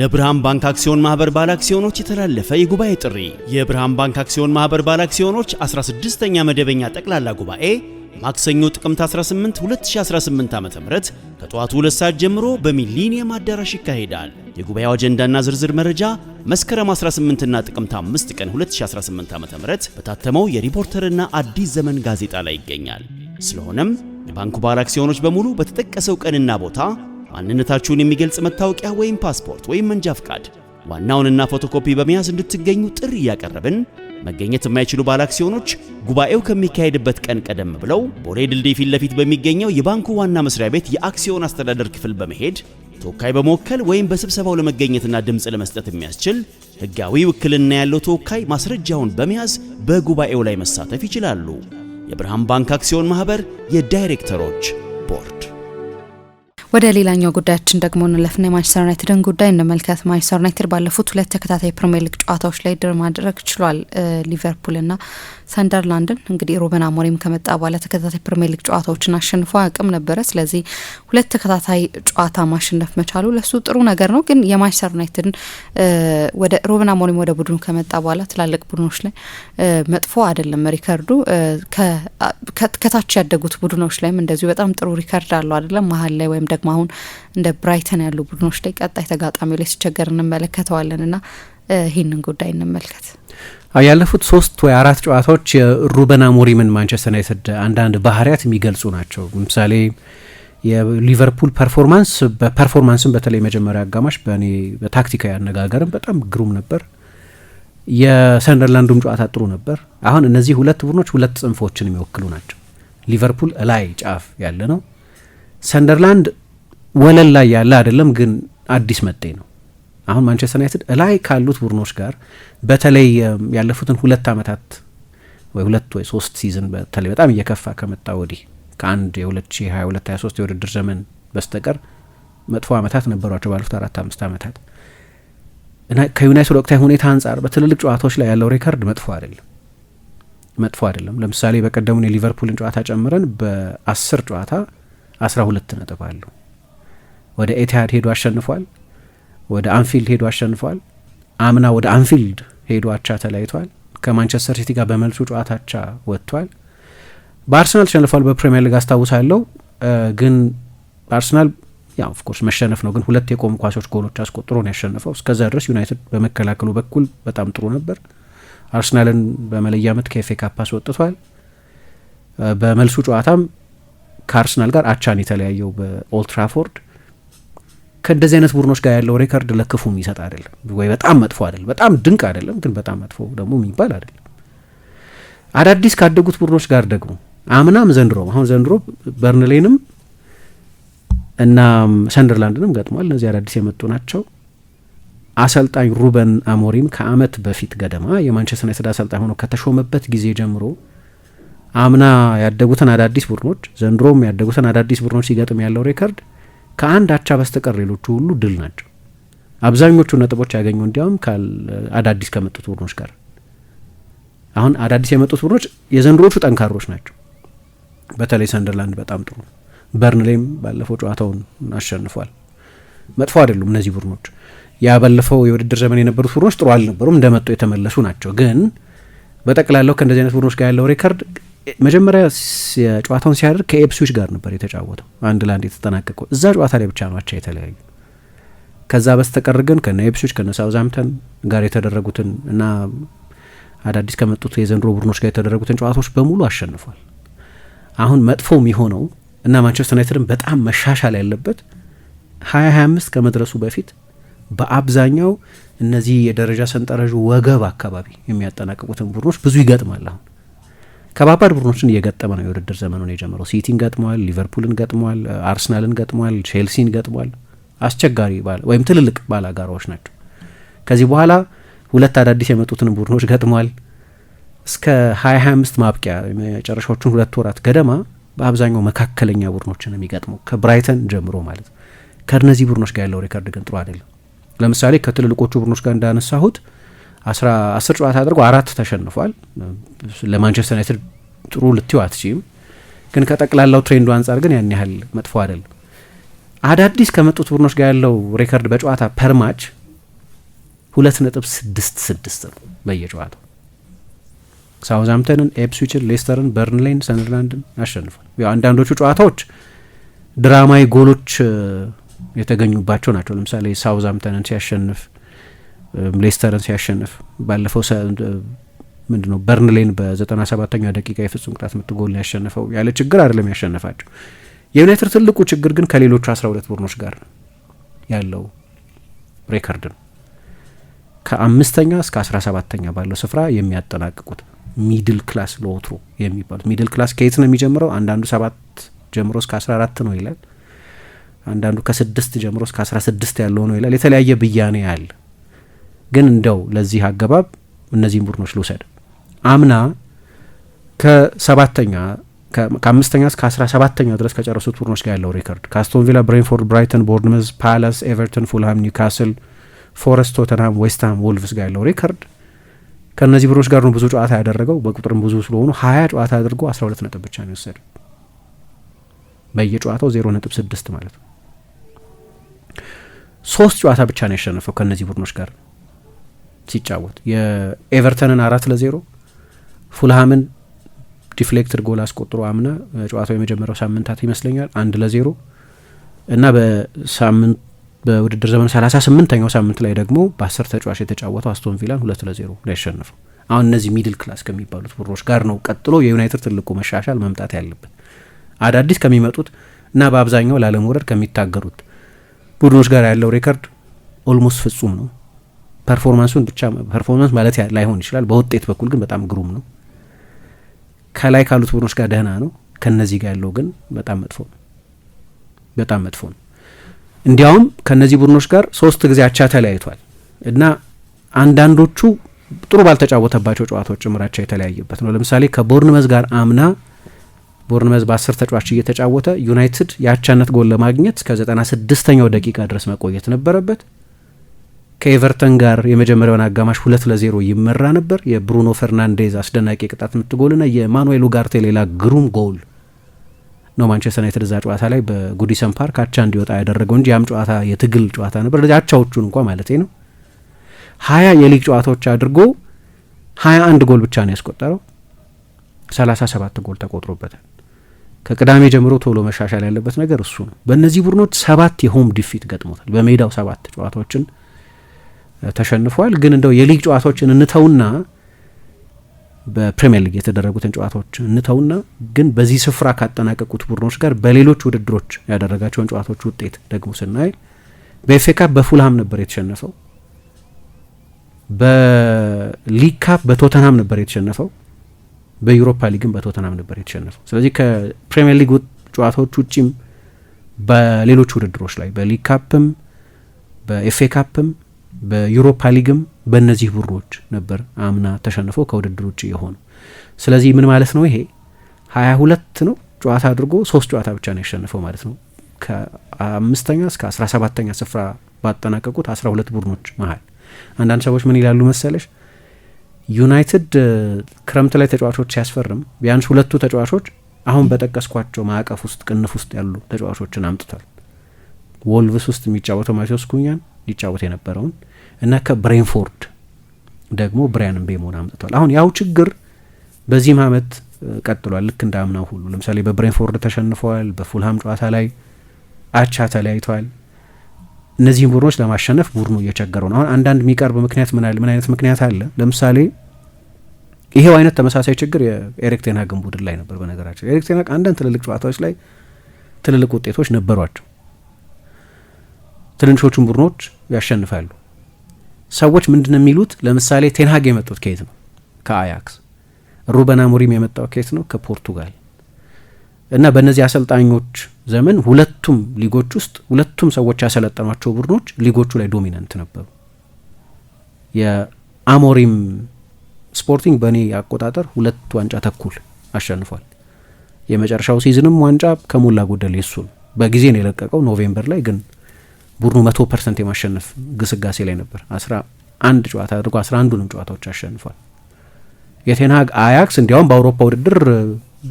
ለብርሃን ባንክ አክሲዮን ማህበር ባለ አክሲዮኖች የተላለፈ የጉባኤ ጥሪ የብርሃን ባንክ አክሲዮን ማህበር ባለ አክሲዮኖች 16ኛ መደበኛ ጠቅላላ ጉባኤ ማክሰኞ ጥቅምት 18 2018 ዓ.ም ከጠዋቱ 2 ሰዓት ጀምሮ በሚሊኒየም አዳራሽ ይካሄዳል። የጉባኤው አጀንዳና ዝርዝር መረጃ መስከረም 18 እና ጥቅምት 5 ቀን 2018 ዓ.ም በታተመው የሪፖርተርና አዲስ ዘመን ጋዜጣ ላይ ይገኛል። ስለሆነም የባንኩ ባለ አክሲዮኖች በሙሉ በተጠቀሰው ቀንና ቦታ ማንነታችሁን የሚገልጽ መታወቂያ ወይም ፓስፖርት ወይም መንጃ ፍቃድ ዋናውንና ፎቶኮፒ በመያዝ እንድትገኙ ጥሪ እያቀረብን መገኘት የማይችሉ ባለ አክሲዮኖች ጉባኤው ከሚካሄድበት ቀን ቀደም ብለው ቦሌ ድልድይ ፊት ለፊት በሚገኘው የባንኩ ዋና መስሪያ ቤት የአክሲዮን አስተዳደር ክፍል በመሄድ ተወካይ በመወከል ወይም በስብሰባው ለመገኘትና ድምፅ ለመስጠት የሚያስችል ሕጋዊ ውክልና ያለው ተወካይ ማስረጃውን በመያዝ በጉባኤው ላይ መሳተፍ ይችላሉ። የብርሃን ባንክ አክሲዮን ማኅበር የዳይሬክተሮች ቦርድ ወደ ሌላኛው ጉዳያችን ደግሞ እንለፍና የማንቸስተር ዩናይትድን ጉዳይ እንመልከት። ማንቸስተር ዩናይትድ ባለፉት ሁለት ተከታታይ ፕሪምየር ሊግ ጨዋታዎች ላይ ድር ማድረግ ችሏል። ሊቨርፑልና ሰንደርላንድን እንግዲህ ሩበን አሞሪም ከመጣ በኋላ ተከታታይ ፕሪምየር ሊግ ጨዋታዎችን አሸንፎ አቅም ነበረ። ስለዚህ ሁለት ተከታታይ ጨዋታ ማሸነፍ መቻሉ ለሱ ጥሩ ነገር ነው። ግን የማንቸስተር ዩናይትድን ወደ ሩበን አሞሪም ወደ ቡድኑ ከመጣ በኋላ ትላልቅ ቡድኖች ላይ መጥፎ አይደለም ሪከርዱ። ከታች ያደጉት ቡድኖች ላይም እንደዚሁ በጣም ጥሩ ሪከርድ አለው አይደለም መሀል ላይ ወይም ደግሞ አሁን እንደ ብራይተን ያሉ ቡድኖች ላይ ቀጣይ ተጋጣሚ ላይ ሲቸገር እንመለከተዋለን ና ይህንን ጉዳይ እንመልከት። ያለፉት ሶስት ወይ አራት ጨዋታዎች የሩበን አሞሪምን ማንቸስተር ዩናይትድ አንዳንድ ባህርያት የሚገልጹ ናቸው። ለምሳሌ የሊቨርፑል ፐርፎርማንስ በፐርፎርማንስም በተለይ መጀመሪያ አጋማሽ በእኔ በታክቲካዊ አነጋገርም በጣም ግሩም ነበር። የሰንደርላንዱም ጨዋታ ጥሩ ነበር። አሁን እነዚህ ሁለት ቡድኖች ሁለት ጽንፎችን የሚወክሉ ናቸው። ሊቨርፑል እላይ ጫፍ ያለ ነው። ሰንደርላንድ ወለል ላይ ያለ አይደለም፣ ግን አዲስ መጤ ነው። አሁን ማንቸስተር ዩናይትድ እላይ ካሉት ቡድኖች ጋር በተለይ ያለፉትን ሁለት ዓመታት ወይ ሁለት ወይ ሶስት ሲዝን በተለይ በጣም እየከፋ ከመጣ ወዲህ ከአንድ የ2022/23 የውድድር ዘመን በስተቀር መጥፎ ዓመታት ነበሯቸው ባለፉት አራት አምስት ዓመታት እና ከዩናይትድ ወቅታዊ ሁኔታ አንጻር በትልልቅ ጨዋታዎች ላይ ያለው ሬከርድ መጥፎ አይደለም መጥፎ አይደለም። ለምሳሌ በቀደሙን የሊቨርፑልን ጨዋታ ጨምረን በአስር ጨዋታ አስራ ሁለት ነጥብ አለው። ወደ ኤቲሃድ ሄዶ አሸንፏል። ወደ አንፊልድ ሄዶ አሸንፏል። አምና ወደ አንፊልድ ሄዶ አቻ ተለያይቷል። ከማንቸስተር ሲቲ ጋር በመልሱ ጨዋታ አቻ ወጥቷል። በአርሰናል ተሸንፏል። በፕሪሚየር ሊግ አስታውሳለሁ። ግን አርሰናል ያው ኦፍኮርስ መሸነፍ ነው። ግን ሁለት የቆሙ ኳሶች ጎሎች አስቆጥሮ ነው ያሸነፈው። እስከዛ ድረስ ዩናይትድ በመከላከሉ በኩል በጣም ጥሩ ነበር። አርሰናልን በመለያ ምት ከኤፌ ካፕ አስወጥቷል። በመልሱ ጨዋታም ከአርሰናል ጋር አቻን የተለያየው በኦልትራፎርድ ከእንደዚህ አይነት ቡድኖች ጋር ያለው ሬከርድ ለክፉ የሚሰጥ አይደለም፣ ወይ በጣም መጥፎ አይደለም። በጣም ድንቅ አይደለም፣ ግን በጣም መጥፎ ደግሞ የሚባል አይደለም። አዳዲስ ካደጉት ቡድኖች ጋር ደግሞ አምናም ዘንድሮም አሁን ዘንድሮ በርንሌንም እና ሰንደርላንድንም ገጥሟል። እነዚህ አዳዲስ የመጡ ናቸው። አሰልጣኝ ሩበን አሞሪም ከአመት በፊት ገደማ የማንቸስተር ዩናይትድ አሰልጣኝ ሆኖ ከተሾመበት ጊዜ ጀምሮ አምና ያደጉትን አዳዲስ ቡድኖች ዘንድሮም ያደጉትን አዳዲስ ቡድኖች ሲገጥም ያለው ሬከርድ ከአንድ አቻ በስተቀር ሌሎቹ ሁሉ ድል ናቸው። አብዛኞቹ ነጥቦች ያገኙ እንዲያውም አዳዲስ ከመጡት ቡድኖች ጋር አሁን አዳዲስ የመጡት ቡድኖች የዘንድሮቹ ጠንካሮች ናቸው። በተለይ ሰንደርላንድ በጣም ጥሩ ነው። በርንሌም ባለፈው ጨዋታውን አሸንፏል። መጥፎ አይደሉም እነዚህ ቡድኖች። ያበለፈው የውድድር ዘመን የነበሩት ቡድኖች ጥሩ አልነበሩም፣ እንደመጡ የተመለሱ ናቸው። ግን በጠቅላላው ከእንደዚህ አይነት ቡድኖች ጋር ያለው ሬከርድ መጀመሪያ ጨዋታውን ሲያደርግ ከኤፕስዊች ጋር ነበር የተጫወተው። አንድ ለአንድ የተጠናቀቀው እዛ ጨዋታ ላይ ብቻ ናቸው የተለያዩ። ከዛ በስተቀር ግን ከነ ኤፕስዊች ከነ ሳውዝሃምፕተን ጋር የተደረጉትን እና አዳዲስ ከመጡት የዘንድሮ ቡድኖች ጋር የተደረጉትን ጨዋታዎች በሙሉ አሸንፏል። አሁን መጥፎ የሚሆነው እና ማንቸስተር ዩናይትድን በጣም መሻሻል ያለበት አምስት ከመድረሱ በፊት በአብዛኛው እነዚህ የደረጃ ሰንጠረዡ ወገብ አካባቢ የሚያጠናቅቁትን ቡድኖች ብዙ ይገጥማል አሁን ከባባድ ቡድኖችን እየገጠመ ነው የውድድር ዘመኑን የጀመረው። ሲቲን ገጥመዋል፣ ሊቨርፑልን ገጥመዋል፣ አርሰናልን ገጥመዋል፣ ቼልሲን ገጥሟል አስቸጋሪ ወይም ትልልቅ ባላጋራዎች ናቸው። ከዚህ በኋላ ሁለት አዳዲስ የመጡትን ቡድኖች ገጥሟል። እስከ 2025 ማብቂያ የመጨረሻዎቹን ሁለት ወራት ገደማ በአብዛኛው መካከለኛ ቡድኖች ነው የሚገጥመው ከብራይተን ጀምሮ ማለት ነው። ከእነዚህ ቡድኖች ጋር ያለው ሪከርድ ግን ጥሩ አይደለም። ለምሳሌ ከትልልቆቹ ቡድኖች ጋር እንዳነሳሁት አስር ጨዋታ አድርጎ አራት ተሸንፏል። ለማንቸስተር ዩናይትድ ጥሩ ልትዩ አትችም፣ ግን ከጠቅላላው ትሬንዱ አንጻር ግን ያን ያህል መጥፎ አይደለም። አዳዲስ ከመጡት ቡድኖች ጋር ያለው ሬከርድ በጨዋታ ፐርማች ሁለት ነጥብ ስድስት ስድስት ነው በየጨዋታው ሳውዝሃምፕተንን፣ ኤፕስዊችን፣ ሌስተርን፣ በርንሌን፣ ሰንደርላንድን አሸንፏል። ያው አንዳንዶቹ ጨዋታዎች ድራማዊ ጎሎች የተገኙባቸው ናቸው። ለምሳሌ ሳውዝሃምፕተንን ሲያሸንፍ ሌስተርን ሲያሸንፍ ባለፈው ምንድነው በርንሌን በዘጠና ሰባተኛው ደቂቃ የፍጹም ቅጣት ምት ጎል ያሸነፈው ያለ ችግር አይደለም ያሸነፋቸው። የዩናይትድ ትልቁ ችግር ግን ከሌሎቹ አስራ ሁለት ቡድኖች ጋር ያለው ሬከርድ ነው። ከአምስተኛ እስከ አስራ ሰባተኛ ባለው ስፍራ የሚያጠናቅቁት ሚድል ክላስ ለወትሮ የሚባሉት ሚድል ክላስ ከየት ነው የሚጀምረው? አንዳንዱ ሰባት ጀምሮ እስከ አስራ አራት ነው ይላል። አንዳንዱ ከስድስት ጀምሮ እስከ አስራ ስድስት ያለው ነው ይላል። የተለያየ ብያኔ አለ። ግን እንደው ለዚህ አገባብ እነዚህን ቡድኖች ልውሰድ። አምና ከሰባተኛ ከአምስተኛ እስከ አስራ ሰባተኛ ድረስ ከጨረሱት ቡድኖች ጋር ያለው ሪከርድ ከአስቶን ቪላ፣ ብሬንፎርድ፣ ብራይተን፣ ቦርንመዝ፣ ፓላስ፣ ኤቨርተን፣ ፉልሃም፣ ኒውካስል፣ ፎረስት፣ ቶተንሃም፣ ዌስትሃም፣ ወልቭስ ጋር ያለው ሪከርድ ከእነዚህ ቡድኖች ጋር ነው ብዙ ጨዋታ ያደረገው። በቁጥርም ብዙ ስለሆኑ ሀያ ጨዋታ አድርጎ አስራ ሁለት ነጥብ ብቻ ነው የወሰደው። በየጨዋታው ዜሮ ነጥብ ስድስት ማለት ነው። ሶስት ጨዋታ ብቻ ነው ያሸነፈው ከእነዚህ ቡድኖች ጋር ሲጫወት የኤቨርተንን አራት ለዜሮ ፉልሃምን ዲፍሌክትድ ጎል አስቆጥሮ አምና ጨዋታው የመጀመሪያው ሳምንታት ይመስለኛል አንድ ለዜሮ እና በሳምንት በውድድር ዘመኑ ሰላሳ ስምንተኛው ሳምንት ላይ ደግሞ በአስር ተጫዋች የተጫወተው አስቶን ቪላን ሁለት ለዜሮ ነው ያሸነፈው። አሁን እነዚህ ሚድል ክላስ ከሚባሉት ቡድኖች ጋር ነው ቀጥሎ የዩናይትድ ትልቁ መሻሻል መምጣት ያለብን አዳዲስ ከሚመጡት እና በአብዛኛው ላለመውረድ ከሚታገሩት ቡድኖች ጋር ያለው ሬከርድ ኦልሞስት ፍጹም ነው። ፐርፎርማንሱን ብቻ ፐርፎርማንስ ማለት ላይሆን ይችላል። በውጤት በኩል ግን በጣም ግሩም ነው። ከላይ ካሉት ቡድኖች ጋር ደህና ነው። ከነዚህ ጋር ያለው ግን በጣም መጥፎ ነው። በጣም መጥፎ ነው። እንዲያውም ከነዚህ ቡድኖች ጋር ሶስት ጊዜ አቻ ተለያይቷል እና አንዳንዶቹ ጥሩ ባልተጫወተባቸው ጨዋታዎች ጭምራቸው የተለያየበት ነው። ለምሳሌ ከቦርንመዝ ጋር አምና ቦርንመዝ በአስር ተጫዋች እየተጫወተ ዩናይትድ የአቻነት ጎል ለማግኘት እስከ ዘጠና ስድስተኛው ደቂቃ ድረስ መቆየት ነበረበት። ከኤቨርተን ጋር የመጀመሪያውን አጋማሽ ሁለት ለዜሮ ይመራ ነበር። የብሩኖ ፈርናንዴዝ አስደናቂ ቅጣት ምትጎልና የማኑኤሉ ኡጋርቴ ሌላ ግሩም ጎል ነው ማንቸስተር ዩናይትድ እዛ ጨዋታ ላይ በጉዲሰን ፓርክ አቻ እንዲወጣ ያደረገው እንጂ ያም ጨዋታ የትግል ጨዋታ ነበር። አቻዎቹን እንኳ ማለት ነው ሀያ የሊግ ጨዋታዎች አድርጎ ሀያ አንድ ጎል ብቻ ነው ያስቆጠረው። ሰላሳ ሰባት ጎል ተቆጥሮበታል። ከቅዳሜ ጀምሮ ቶሎ መሻሻል ያለበት ነገር እሱ ነው። በእነዚህ ቡድኖች ሰባት የሆም ዲፊት ገጥሞታል። በሜዳው ሰባት ጨዋታዎችን ተሸንፏል። ግን እንደው የሊግ ጨዋታዎችን እንተውና በፕሪምየር ሊግ የተደረጉትን ጨዋታዎች እንተውና ግን በዚህ ስፍራ ካጠናቀቁት ቡድኖች ጋር በሌሎች ውድድሮች ያደረጋቸውን ጨዋታዎች ውጤት ደግሞ ስናይ በኤፍ ኤ ካፕ በፉልሃም ነበር የተሸነፈው። በሊግ ካፕ በቶተናም ነበር የተሸነፈው። በዩሮፓ ሊግም በቶተናም ነበር የተሸነፈው። ስለዚህ ከፕሪምየር ሊግ ጨዋታዎች ውጪም በሌሎች ውድድሮች ላይ በሊግ ካፕም በኤፍ ኤ ካፕም በዩሮፓ ሊግም በእነዚህ ቡድኖች ነበር አምና ተሸንፎ ከውድድር ውጭ የሆኑ። ስለዚህ ምን ማለት ነው ይሄ ሀያ ሁለት ነው ጨዋታ አድርጎ ሶስት ጨዋታ ብቻ ነው ያሸንፈው ማለት ነው። ከአምስተኛ እስከ አስራ ሰባተኛ ስፍራ ባጠናቀቁት አስራ ሁለት ቡድኖች መሀል አንዳንድ ሰዎች ምን ይላሉ መሰለሽ ዩናይትድ ክረምት ላይ ተጫዋቾች ሲያስፈርም ቢያንስ ሁለቱ ተጫዋቾች አሁን በጠቀስኳቸው ማዕቀፍ ውስጥ ቅንፍ ውስጥ ያሉ ተጫዋቾችን አምጥቷል። ወልቭስ ውስጥ የሚጫወተው ማቴዎስ ኩኛን ይጫወት የነበረውን እና ከብሬንፎርድ ደግሞ ብሪያን ምቤሞን አምጥቷል። አሁን ያው ችግር በዚህም አመት ቀጥሏል። ልክ እንደ አምናው ሁሉ ለምሳሌ በብሬንፎርድ ተሸንፈዋል። በፉልሃም ጨዋታ ላይ አቻ ተለያይተዋል። እነዚህን ቡድኖች ለማሸነፍ ቡድኑ እየቸገረው ነው። አሁን አንዳንድ የሚቀርብ ምክንያት ምን ምን አይነት ምክንያት አለ? ለምሳሌ ይሄው አይነት ተመሳሳይ ችግር የኤሪክ ቴን ቡድን ላይ ነበር። በነገራቸው ኤሪክ አንዳንድ ትልልቅ ጨዋታዎች ላይ ትልልቅ ውጤቶች ነበሯቸው። ትንንሾቹን ቡድኖች ያሸንፋሉ። ሰዎች ምንድን የሚሉት? ለምሳሌ ቴንሃግ የመጡት ከየት ነው? ከአያክስ። ሩበን አሞሪም የመጣው ከየት ነው? ከፖርቱጋል። እና በእነዚህ አሰልጣኞች ዘመን ሁለቱም ሊጎች ውስጥ ሁለቱም ሰዎች ያሰለጠኗቸው ቡድኖች ሊጎቹ ላይ ዶሚናንት ነበሩ። የአሞሪም ስፖርቲንግ በእኔ አቆጣጠር ሁለት ዋንጫ ተኩል አሸንፏል። የመጨረሻው ሲዝንም ዋንጫ ከሞላ ጎደል የሱ ነው። በጊዜ ነው የለቀቀው ኖቬምበር ላይ ግን ቡድኑ መቶ ፐርሰንት የማሸነፍ ግስጋሴ ላይ ነበር። አስራ አንድ ጨዋታ አድርጎ አስራ አንዱንም ጨዋታዎች አሸንፏል። የቴንሃግ አያክስ እንዲያውም በአውሮፓ ውድድር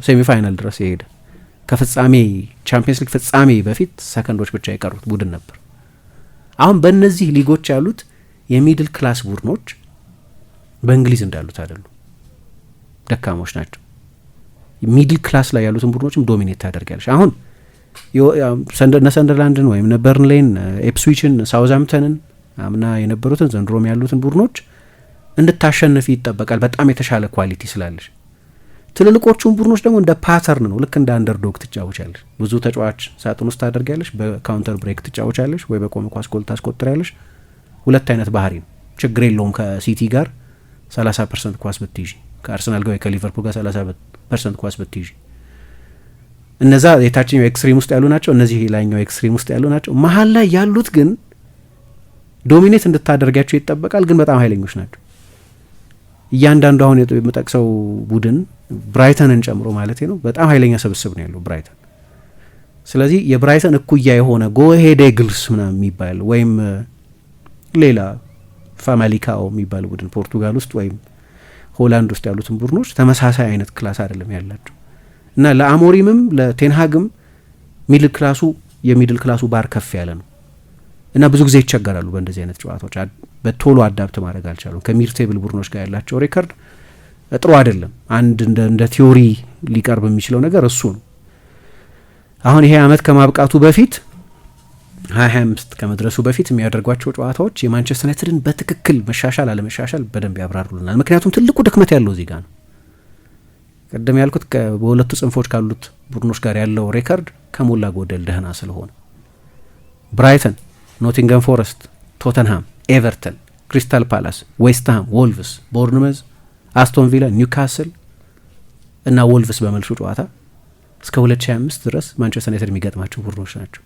ሴሚፋይናል ድረስ የሄደ ከፍጻሜ ቻምፒየንስ ሊግ ፍጻሜ በፊት ሰከንዶች ብቻ የቀሩት ቡድን ነበር። አሁን በእነዚህ ሊጎች ያሉት የሚድል ክላስ ቡድኖች በእንግሊዝ እንዳሉት አይደሉም፣ ደካሞች ናቸው። ሚድል ክላስ ላይ ያሉትን ቡድኖችም ዶሚኔት ታደርጋለች አሁን እነ ሰንደርላንድን ወይም እነ በርንሌን ኤፕስዊችን፣ ሳውዝሃምፕተንን አምና የነበሩትን ዘንድሮም ያሉትን ቡድኖች እንድታሸንፊ ይጠበቃል። በጣም የተሻለ ኳሊቲ ስላለች ትልልቆቹን ቡድኖች ደግሞ እንደ ፓተርን ነው። ልክ እንደ አንደርዶግ ትጫወቻለች ብዙ ተጫዋች ሳጥን ውስጥ ታደርጊያለሽ፣ በካውንተር ብሬክ ትጫወቻለች፣ ወይ በቆመ ኳስ ጎል ታስቆጥሪያለሽ። ሁለት አይነት ባህሪ ነው። ችግር የለውም ከሲቲ ጋር 30 ፐርሰንት ኳስ ብትይዥ፣ ከአርሰናል ጋር ወይ ከሊቨርፑል ጋር 30 ፐርሰንት ኳስ ብትይዥ እነዛ የታችኛው ኤክስትሪም ውስጥ ያሉ ናቸው፣ እነዚህ ላይኛው ኤክስትሪም ውስጥ ያሉ ናቸው። መሀል ላይ ያሉት ግን ዶሚኔት እንድታደርጋቸው ይጠበቃል፣ ግን በጣም ኃይለኞች ናቸው። እያንዳንዱ አሁን የምጠቅሰው ቡድን ብራይተንን ጨምሮ ማለት ነው በጣም ኃይለኛ ስብስብ ነው ያለው ብራይተን። ስለዚህ የብራይተን እኩያ የሆነ ጎሄዴ ግልስ ምናምን የሚባል ወይም ሌላ ፋማሊካኦ የሚባል ቡድን ፖርቱጋል ውስጥ ወይም ሆላንድ ውስጥ ያሉትን ቡድኖች ተመሳሳይ አይነት ክላስ አይደለም ያላቸው። እና ለአሞሪምም ለቴንሃግም ሚድል ክላሱ የሚድል ክላሱ ባር ከፍ ያለ ነው እና ብዙ ጊዜ ይቸገራሉ በእንደዚህ አይነት ጨዋታዎች በቶሎ አዳብት ማድረግ አልቻሉም። ከሚር ቴብል ቡድኖች ጋር ያላቸው ሬከርድ ጥሩ አይደለም። አንድ እንደ ቲዮሪ ሊቀርብ የሚችለው ነገር እሱ ነው። አሁን ይሄ አመት ከማብቃቱ በፊት ሀያ ሀያ አምስት ከመድረሱ በፊት የሚያደርጓቸው ጨዋታዎች የማንቸስተር ዩናይትድን በትክክል መሻሻል አለመሻሻል በደንብ ያብራሩልናል። ምክንያቱም ትልቁ ድክመት ያለው ዜጋ ነው። ቅድም ያልኩት በሁለቱ ጽንፎች ካሉት ቡድኖች ጋር ያለው ሬከርድ ከሞላ ጎደል ደህና ስለሆነ ብራይተን፣ ኖቲንገም ፎረስት፣ ቶተንሃም፣ ኤቨርተን፣ ክሪስታል ፓላስ፣ ዌስትሃም፣ ወልቭስ፣ ቦርንመዝ፣ አስቶን ቪላ፣ ኒውካስል እና ወልቭስ በመልሱ ጨዋታ እስከ 2025 ድረስ ማንቸስተር ዩናይትድ የሚገጥማቸው ቡድኖች ናቸው።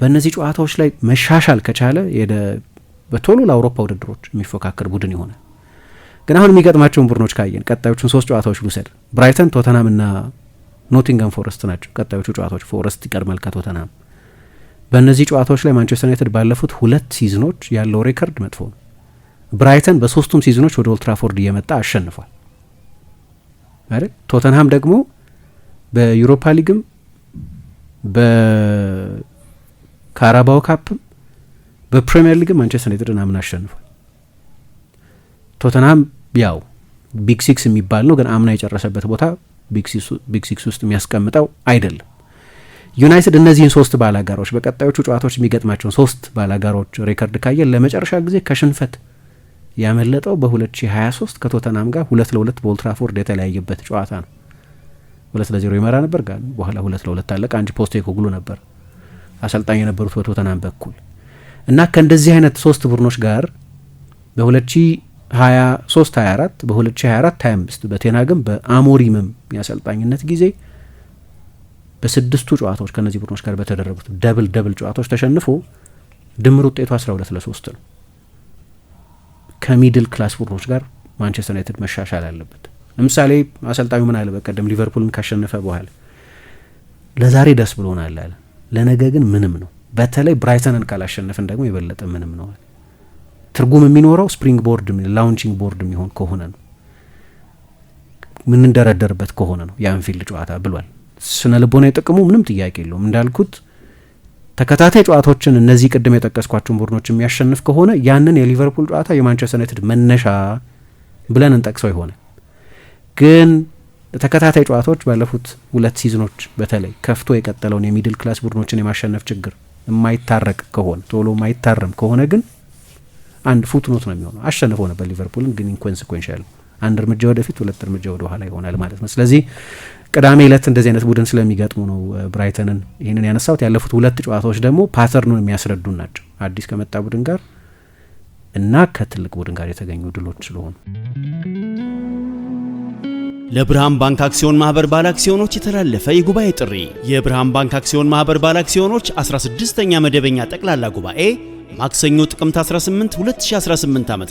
በእነዚህ ጨዋታዎች ላይ መሻሻል ከቻለ በቶሎ ለአውሮፓ ውድድሮች የሚፎካከር ቡድን ይሆናል። ግን አሁን የሚገጥማቸውን ቡድኖች ካየን ቀጣዮቹን ሶስት ጨዋታዎች ልውሰድ። ብራይተን፣ ቶተናም እና ኖቲንጋም ፎረስት ናቸው ቀጣዮቹ ጨዋታዎች። ፎረስት ይቀድማል ከቶተናም። በእነዚህ ጨዋታዎች ላይ ማንቸስተር ዩናይትድ ባለፉት ሁለት ሲዝኖች ያለው ሬከርድ መጥፎ ነው። ብራይተን በሶስቱም ሲዝኖች ወደ ኦልትራፎርድ እየመጣ አሸንፏል አይደል? ቶተንሃም ደግሞ በዩሮፓ ሊግም በካራባው ካፕም በፕሪምየር ሊግም ማንቸስተር ዩናይትድ አምና አሸንፏል። ቶተንሃም ያው ቢግ ሲክስ የሚባል ነው፣ ግን አምና የጨረሰበት ቦታ ቢግ ሲክስ ውስጥ የሚያስቀምጠው አይደለም። ዩናይትድ እነዚህን ሶስት ባላጋሮች በቀጣዮቹ ጨዋታዎች የሚገጥማቸውን ሶስት ባላጋሮች ሬከርድ ካየ ለመጨረሻ ጊዜ ከሽንፈት ያመለጠው በ2023 ከቶተናም ጋር ሁለት ለሁለት በኦልትራፎርድ የተለያየበት ጨዋታ ነው። ሁለት ለዜሮ ይመራ ነበር ጋር በኋላ ሁለት ለሁለት አለቀ። አንጅ ፖስቴኮግሉ ነበር አሰልጣኝ የነበሩት በቶተናም በኩል እና ከእንደዚህ አይነት ሶስት ቡድኖች ጋር በ 23 24 በ2024 25 በቴናግም በአሞሪምም የአሰልጣኝነት ጊዜ በስድስቱ ጨዋታዎች ከነዚህ ቡድኖች ጋር በተደረጉት ደብል ደብል ጨዋታዎች ተሸንፎ ድምር ውጤቱ 12 ለ3 ነው። ከሚድል ክላስ ቡድኖች ጋር ማንቸስተር ዩናይትድ መሻሻል አለበት። ለምሳሌ አሰልጣኙ ምን አለ በቀደም ሊቨርፑልን ካሸነፈ በኋላ ለዛሬ ደስ ብሎናል አለ፣ ለነገ ግን ምንም ነው። በተለይ ብራይተንን ካላሸነፍን ደግሞ የበለጠ ምንም ነው አለ። ትርጉም የሚኖረው ስፕሪንግ ቦርድ ላውንቺንግ ቦርድ የሚሆን ከሆነ ነው የምንደረደርበት ከሆነ ነው የአንፊልድ ጨዋታ ብሏል። ስነ ልቦና የጠቅሙ ምንም ጥያቄ የለውም። እንዳልኩት ተከታታይ ጨዋታዎችን እነዚህ ቅድም የጠቀስኳቸውን ቡድኖች የሚያሸንፍ ከሆነ ያንን የሊቨርፑል ጨዋታ የማንቸስተር ዩናይትድ መነሻ ብለን እንጠቅሰው ይሆነ ግን ተከታታይ ጨዋታዎች ባለፉት ሁለት ሲዝኖች በተለይ ከፍቶ የቀጠለውን የሚድል ክላስ ቡድኖችን የማሸነፍ ችግር የማይታረቅ ከሆነ ቶሎ የማይታረም ከሆነ ግን አንድ ፉትኖት ነው የሚሆነው። አሸንፎ ነበር ሊቨርፑልን፣ ግን ኢንኮንስኮንሻል አንድ እርምጃ ወደፊት ሁለት እርምጃ ወደ ኋላ ይሆናል ማለት ነው። ስለዚህ ቅዳሜ ዕለት እንደዚህ አይነት ቡድን ስለሚገጥሙ ነው ብራይተንን ይህንን ያነሳሁት። ያለፉት ሁለት ጨዋታዎች ደግሞ ፓተርኑን የሚያስረዱን ናቸው አዲስ ከመጣ ቡድን ጋር እና ከትልቅ ቡድን ጋር የተገኙ ድሎች ስለሆኑ ለብርሃን ባንክ አክሲዮን ማህበር ባለ አክሲዮኖች የተላለፈ የጉባኤ ጥሪ የብርሃን ባንክ አክሲዮን ማህበር ባለ አክሲዮኖች 16ኛ መደበኛ ጠቅላላ ጉባኤ ማክሰኞ ጥቅምት 18 2018 ዓ.ም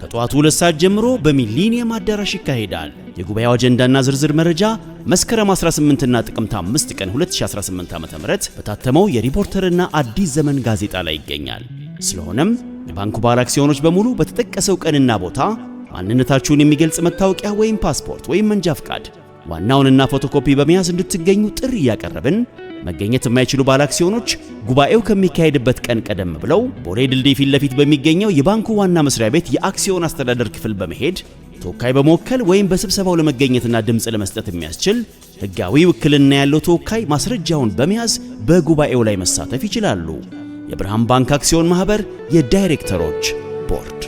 ከጠዋቱ 2 ሰዓት ጀምሮ በሚሊኒየም አዳራሽ ይካሄዳል። የጉባኤው አጀንዳና ዝርዝር መረጃ መስከረም 18 እና ጥቅምት 5 ቀን 2018 ዓ.ም በታተመው የሪፖርተርና አዲስ ዘመን ጋዜጣ ላይ ይገኛል። ስለሆነም የባንኩ ባለ አክሲዮኖች በሙሉ በተጠቀሰው ቀንና ቦታ ማንነታችሁን የሚገልጽ መታወቂያ ወይም ፓስፖርት ወይም መንጃ ፍቃድ ዋናውንና ፎቶኮፒ በመያዝ እንድትገኙ ጥሪ እያቀረብን መገኘት የማይችሉ ባለ አክሲዮኖች ጉባኤው ከሚካሄድበት ቀን ቀደም ብለው ቦሌ ድልድይ ፊት ለፊት በሚገኘው የባንኩ ዋና መስሪያ ቤት የአክሲዮን አስተዳደር ክፍል በመሄድ ተወካይ በመወከል ወይም በስብሰባው ለመገኘትና ድምፅ ለመስጠት የሚያስችል ሕጋዊ ውክልና ያለው ተወካይ ማስረጃውን በመያዝ በጉባኤው ላይ መሳተፍ ይችላሉ። የብርሃን ባንክ አክሲዮን ማህበር የዳይሬክተሮች ቦርድ